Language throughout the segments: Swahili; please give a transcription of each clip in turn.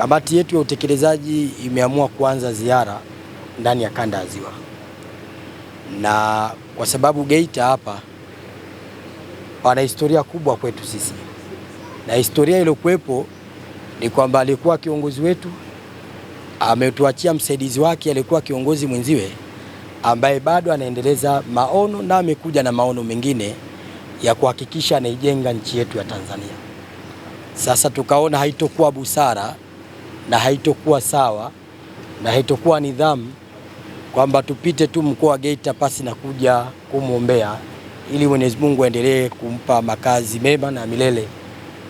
Kamati yetu ya utekelezaji imeamua kuanza ziara ndani ya kanda ya Ziwa, na kwa sababu Geita hapa pana historia kubwa kwetu sisi, na historia iliyokuwepo ni kwamba alikuwa kiongozi wetu ametuachia msaidizi wake alikuwa kiongozi mwenziwe ambaye bado anaendeleza maono na amekuja na maono mengine ya kuhakikisha anaijenga nchi yetu ya Tanzania. Sasa tukaona haitokuwa busara na haitokuwa sawa na haitokuwa nidhamu kwamba tupite tu mkoa wa Geita pasi na kuja kumwombea ili Mwenyezi Mungu aendelee kumpa makazi mema na milele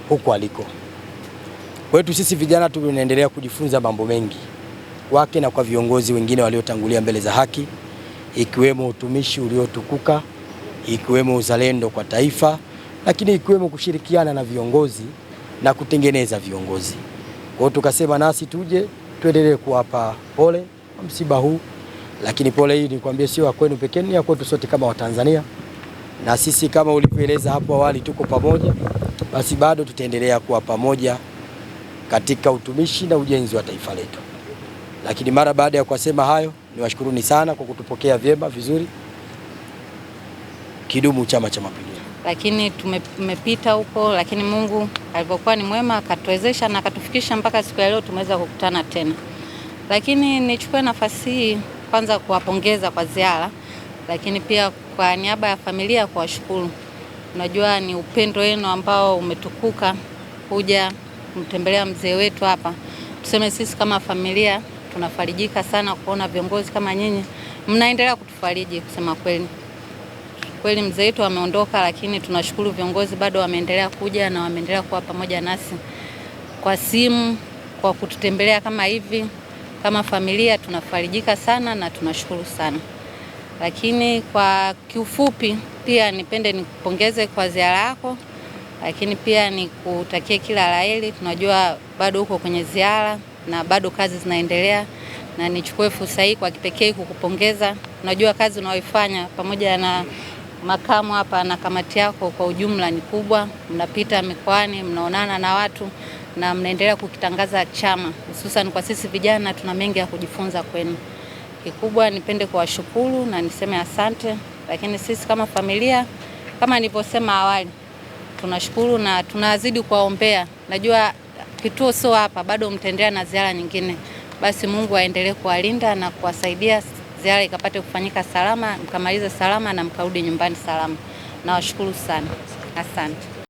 huko aliko. Kwetu sisi vijana tunaendelea kujifunza mambo mengi kwake na kwa viongozi wengine waliotangulia mbele za haki, ikiwemo utumishi uliotukuka, ikiwemo uzalendo kwa taifa, lakini ikiwemo kushirikiana na viongozi na kutengeneza viongozi. Kwa tukasema nasi tuje tuendelee kuwapa pole msiba huu, lakini pole hii nikwambie, sio ya kwenu pekee, ni ya kwetu sote kama Watanzania, na sisi kama ulivyoeleza hapo awali, tuko pamoja, basi bado tutaendelea kuwa pamoja katika utumishi na ujenzi wa taifa letu. Lakini mara baada ya kusema hayo, niwashukuruni sana kwa kutupokea vyema vizuri. Kidumu Chama cha Mapinduzi! lakini tumepita huko, lakini Mungu alivyokuwa ni mwema akatuwezesha na akatufikisha mpaka siku ya leo tumeweza kukutana tena. Lakini nichukue nafasi hii kwanza kuwapongeza kwa ziara, lakini pia kwa niaba ya familia kuwashukuru. Unajua ni upendo wenu ambao umetukuka kuja kumtembelea mzee wetu hapa. Tuseme sisi kama familia tunafarijika sana kuona viongozi kama nyinyi mnaendelea kutufariji kusema kweli. Kweli mzee wetu ameondoka, lakini tunashukuru viongozi bado wameendelea kuja na wameendelea kuwa pamoja nasi kwa simu, kwa kututembelea kama hivi. Kama familia tunafarijika sana na tunashukuru sana. Lakini kwa kiufupi, pia nipende nikupongeze kwa ziara yako, lakini pia nikutakie kila laheri. Tunajua bado uko kwenye ziara na bado kazi zinaendelea, na nichukue fursa hii kwa kipekee kukupongeza. Unajua kazi unaoifanya pamoja na makamu hapa na kamati yako kwa ujumla ni kubwa. Mnapita mikoani, mnaonana na watu na mnaendelea kukitangaza chama, hususan kwa sisi vijana, tuna mengi ya kujifunza kwenu. Kikubwa nipende kuwashukuru na niseme asante, lakini sisi kama familia, kama nilivyosema awali, tunashukuru na tunazidi kuwaombea. Najua kituo sio hapa, bado mtaendelea na ziara nyingine. Basi Mungu aendelee kuwalinda na kuwasaidia ziara ikapate kufanyika salama, mkamalize salama na mkarudi nyumbani salama. Nawashukuru sana, asante.